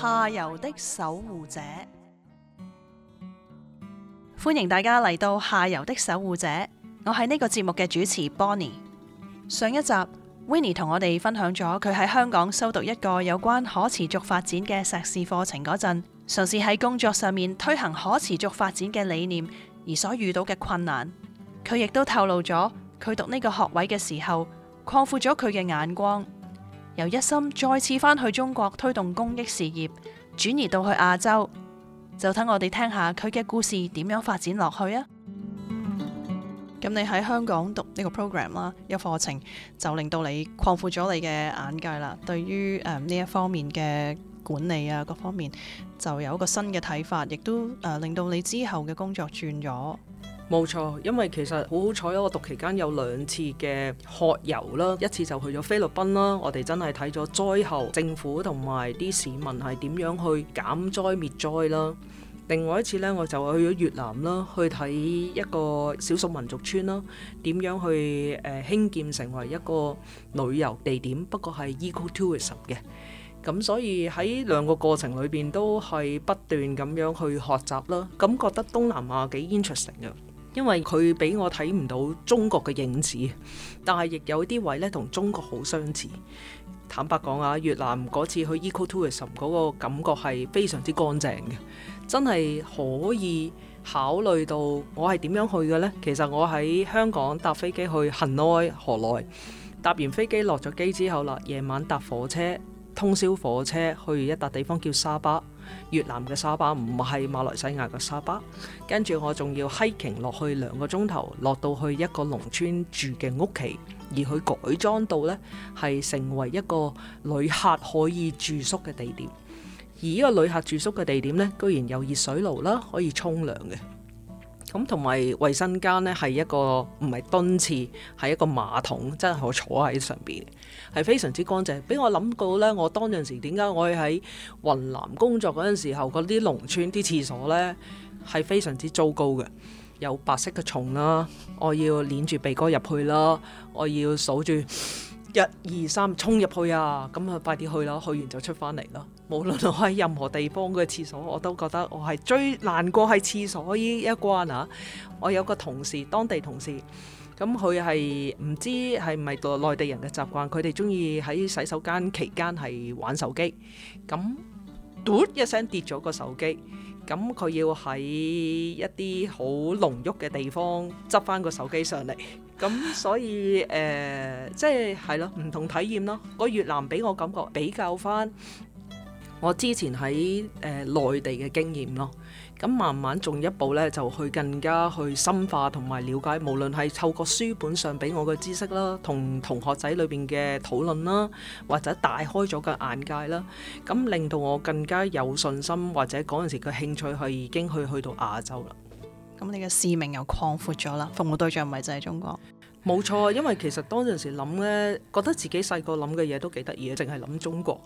下游的守護者，歡迎大家嚟到下游的守護者。我係呢個節目嘅主持 Bonnie。上一集，Winnie 同我哋分享咗佢喺香港修讀一個有關可持續發展嘅碩士課程嗰陣，嘗試喺工作上面推行可持續發展嘅理念而所遇到嘅困難。佢亦都透露咗佢讀呢個學位嘅時候，擴闊咗佢嘅眼光。由一心再次返去中國推動公益事業，轉移到去亞洲，就等我哋聽下佢嘅故事點樣發展落去啊！咁你喺香港讀呢個 program 啦，一課程就令到你擴闊咗你嘅眼界啦。對於誒呢一方面嘅管理啊，各方面就有一個新嘅睇法，亦都誒、呃、令到你之後嘅工作轉咗。冇錯，因為其實好好彩，我讀期間有兩次嘅學遊啦。一次就去咗菲律賓啦，我哋真係睇咗災後政府同埋啲市民係點樣去減災滅災啦。另外一次呢，我就去咗越南啦，去睇一個少數民族村啦，點樣去誒、呃、興建成為一個旅遊地點，不過係 eco tourism 嘅。咁所以喺兩個過程裏邊都係不斷咁樣去學習啦。咁覺得東南亞幾 interesting 嘅。因為佢俾我睇唔到中國嘅影子，但係亦有啲位呢同中國好相似。坦白講啊，越南嗰次去 eco tourism 嗰個感覺係非常之乾淨嘅，真係可以考慮到我係點樣去嘅呢？其實我喺香港搭飛機去 Hanoi 河內，搭完飛機落咗機之後啦，夜晚搭火車，通宵火車去一笪地方叫沙巴。越南嘅沙巴唔係馬來西亞嘅沙巴，跟住我仲要 hiking 落去兩個鐘頭，落到去一個農村住嘅屋企，而佢改裝到呢，係成為一個旅客可以住宿嘅地點，而呢個旅客住宿嘅地點呢，居然有熱水爐啦，可以沖涼嘅。咁同埋衞生間呢，係一個唔係蹲廁，係一個馬桶，真係我坐喺上邊，係非常之乾淨。俾我諗過呢，我當陣時點解我會喺雲南工作嗰陣時候，嗰啲農村啲廁所呢，係非常之糟糕嘅，有白色嘅蟲啦，我要捏住鼻哥入去啦，我要數住。一、二、三，衝入去啊！咁啊，快啲去啦，去完就出翻嚟啦。無論我喺任何地方嘅廁所，我都覺得我係最難過係廁所呢一關啊！我有個同事，當地同事，咁佢係唔知係唔係內地人嘅習慣，佢哋中意喺洗手間期間係玩手機。咁，嘟一聲跌咗個手機，咁佢要喺一啲好濃郁嘅地方執翻個手機上嚟。咁所以誒、呃，即係係咯，唔同體驗咯。個越南俾我感覺比較翻我之前喺誒內地嘅經驗咯。咁慢慢進一步咧，就去更加去深化同埋了解，無論係透過書本上俾我嘅知識啦，同同學仔裏邊嘅討論啦，或者大開咗個眼界啦，咁令到我更加有信心，或者嗰陣時嘅興趣係已經去去到亞洲啦。咁你嘅使命又擴闊咗啦，服務對象咪就係中國。冇錯，因為其實當陣時諗呢，覺得自己細個諗嘅嘢都幾得意啊，淨係諗中國。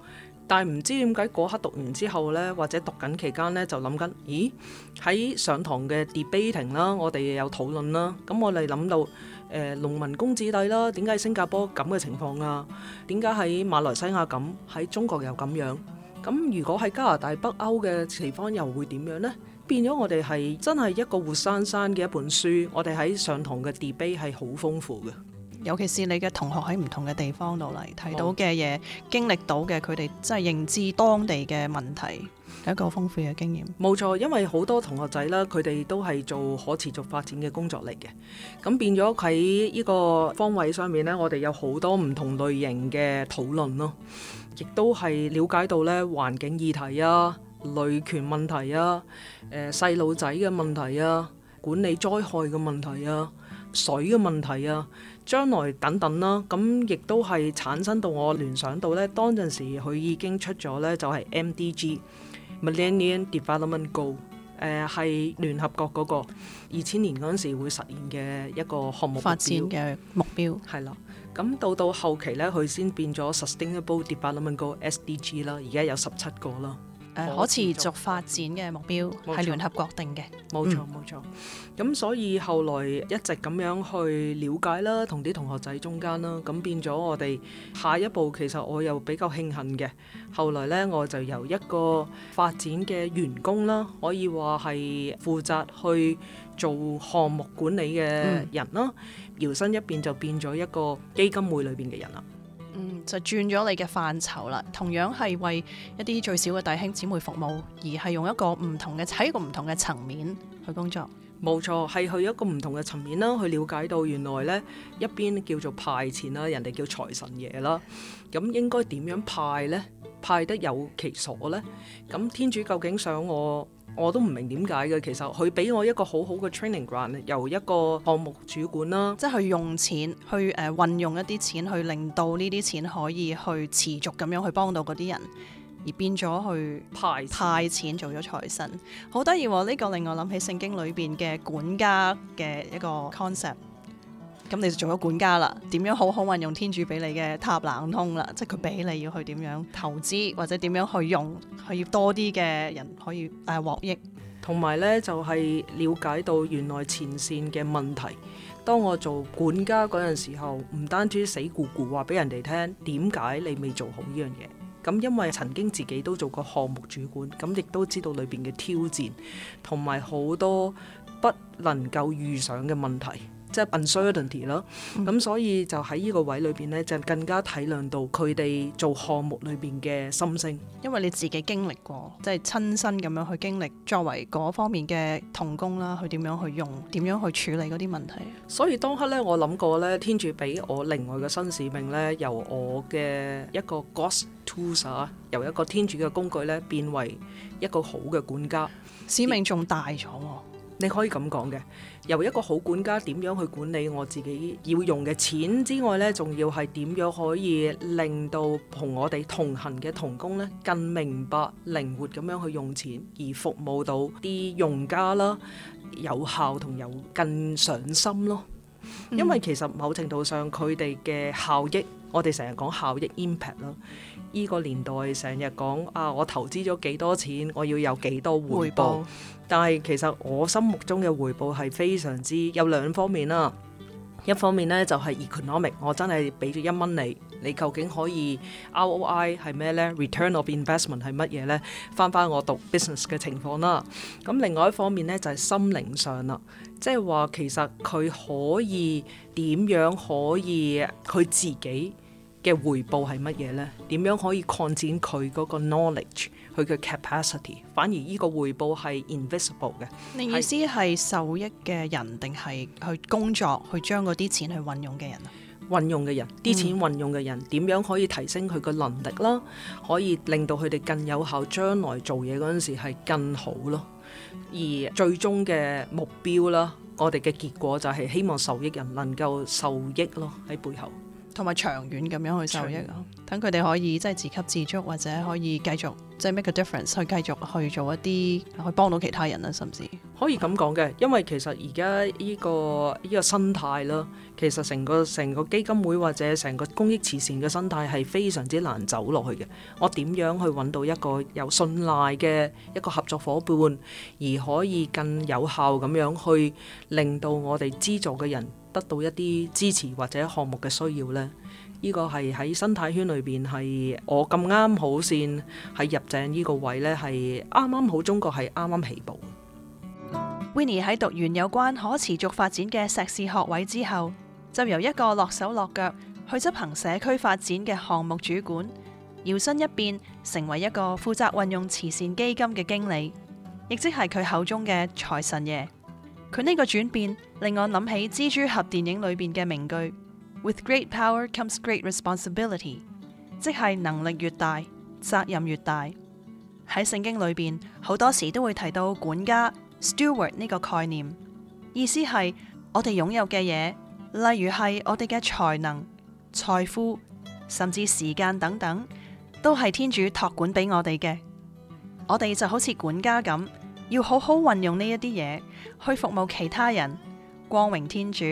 但係唔知點解嗰刻讀完之後呢，或者讀緊期間呢，就諗緊，咦？喺上堂嘅 debating 啦，我哋有討論啦。咁我哋諗到誒農民工子弟啦，點解新加坡咁嘅情況啊？點解喺馬來西亞咁？喺中國又咁樣？咁如果喺加拿大北歐嘅地方又會點樣呢？變咗我哋係真係一個活生生嘅一本書，我哋喺上堂嘅地碑 b 係好豐富嘅，尤其是你嘅同學喺唔同嘅地方度嚟，睇到嘅嘢，經歷到嘅，佢哋真係認知當地嘅問題，係一個豐富嘅經驗。冇錯，因為好多同學仔呢，佢哋都係做可持續發展嘅工作嚟嘅，咁變咗喺呢個方位上面呢，我哋有好多唔同類型嘅討論咯，亦都係了解到呢環境議題啊。女權問題啊，誒、呃、細路仔嘅問題啊，管理災害嘅問題啊，水嘅問題啊，將來等等啦，咁亦都係產生到我聯想到呢，當陣時佢已經出咗呢、呃，就係 MDG，Millennium Development Goal，誒係聯合國嗰個二千年嗰陣時會實現嘅一個項目發展嘅目標，係啦，咁、嗯、到到後期呢，佢先變咗 Sustainable Development Goal SDG 啦，而家有十七個啦。可持續發展嘅目標係聯合國定嘅，冇錯冇錯。咁、嗯、所以後來一直咁樣去了解啦，同啲同學仔中間啦，咁變咗我哋下一步其實我又比較慶幸嘅。後來呢，我就由一個發展嘅員工啦，可以話係負責去做項目管理嘅人啦，嗯、搖身一變就變咗一個基金會裏邊嘅人啦。嗯，就轉咗你嘅範疇啦。同樣係為一啲最小嘅弟兄姊妹服務，而係用一個唔同嘅喺一個唔同嘅層面去工作。冇錯，係去一個唔同嘅層面啦。去了解到原來呢一邊叫做派錢啦，人哋叫財神爺啦。咁應該點樣派呢？派得有其所呢？咁天主究竟想我我都唔明點解嘅。其實佢俾我一個好好嘅 training grant，由一個項目主管啦，即係用錢去誒運用一啲錢，去令到呢啲錢可以去持續咁樣去幫到嗰啲人，而變咗去派派錢做咗財神，好得意喎！呢個令我諗起聖經裏邊嘅管家嘅一個 concept。咁你就做咗管家啦，點樣好好運用天主俾你嘅塔冷通啦？即係佢俾你要去點樣投資或者點樣去用，可要多啲嘅人可以誒獲、啊、益。同埋呢，就係、是、了解到原來前線嘅問題。當我做管家嗰陣時候，唔單止死咕咕話俾人哋聽點解你未做好呢樣嘢，咁因為曾經自己都做過項目主管，咁亦都知道裏邊嘅挑戰同埋好多不能夠預想嘅問題。即係 uncertainty 咯，咁所以就喺呢個位裏邊咧，就更加體諒到佢哋做項目裏邊嘅心聲，因為你自己經歷過，即係親身咁樣去經歷，作為嗰方面嘅同工啦，去點樣去用，點樣去處理嗰啲問題。所以當刻咧，我諗過咧，天主俾我另外嘅新使命咧，由我嘅一個 God's Tools 啊，由一個天主嘅工具咧，變為一個好嘅管家，使命仲大咗喎。你可以咁講嘅，由一個好管家點樣去管理我自己要用嘅錢之外呢，仲要係點樣可以令到同我哋同行嘅同工呢更明白、靈活咁樣去用錢，而服務到啲用家啦，有效同有更上心咯。因為其實某程度上佢哋嘅效益，我哋成日講效益 impact 咯。呢個年代成日講啊，我投資咗幾多錢，我要有幾多回報。回報，但係其實我心目中嘅回報係非常之有兩方面啦、啊。一方面咧就係、是、economic，我真係俾咗一蚊你，你究竟可以 ROI 係咩咧？Return of investment 係乜嘢咧？翻翻我讀 business 嘅情況啦。咁另外一方面咧就係、是、心靈上啦，即係話其實佢可以點樣可以佢自己嘅回報係乜嘢咧？點樣可以擴展佢嗰個 knowledge？佢嘅 capacity，反而呢個回報係 invisible 嘅。你意思係受益嘅人，定係去工作去將嗰啲錢去運用嘅人啊？運用嘅人，啲、嗯、錢運用嘅人點樣可以提升佢個能力啦，可以令到佢哋更有效，將來做嘢嗰陣時係更好咯。而最終嘅目標啦，我哋嘅結果就係希望受益人能夠受益咯。喺背後。同埋長遠咁樣去受益，等佢哋可以即係自給自足，或者可以繼續即係、就是、make a difference，去繼續去做一啲去幫到其他人啦，甚至可以咁講嘅，因為其實而家呢個呢、這個生態咯，其實成個成個基金會或者成個公益慈善嘅生態係非常之難走落去嘅。我點樣去揾到一個有信賴嘅一個合作伙伴，而可以更有效咁樣去令到我哋資助嘅人。得到一啲支持或者項目嘅需要呢，呢、呢個係喺生態圈裏邊係我咁啱好先喺入正呢個位呢，係啱啱好中國係啱啱起步。Winnie 喺讀完有關可持續發展嘅碩士學位之後，就由一個落手落腳去執行社區發展嘅項目主管，搖身一變成為一個負責運用慈善基金嘅經理，亦即係佢口中嘅財神爺。佢呢個轉變令我諗起蜘蛛俠電影裏邊嘅名句：With great power comes great responsibility，即係能力越大，責任越大。喺聖經裏邊好多時都會提到管家 （steward） 呢個概念，意思係我哋擁有嘅嘢，例如係我哋嘅才能、財富，甚至時間等等，都係天主託管俾我哋嘅，我哋就好似管家咁。要好好運用呢一啲嘢去服務其他人，光榮天主。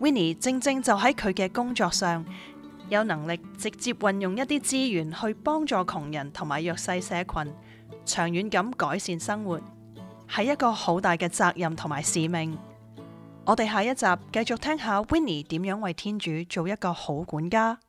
Winnie 正正就喺佢嘅工作上有能力直接運用一啲資源去幫助窮人同埋弱勢社群，長遠咁改善生活，係一個好大嘅責任同埋使命。我哋下一集繼續聽下 Winnie 點樣為天主做一個好管家。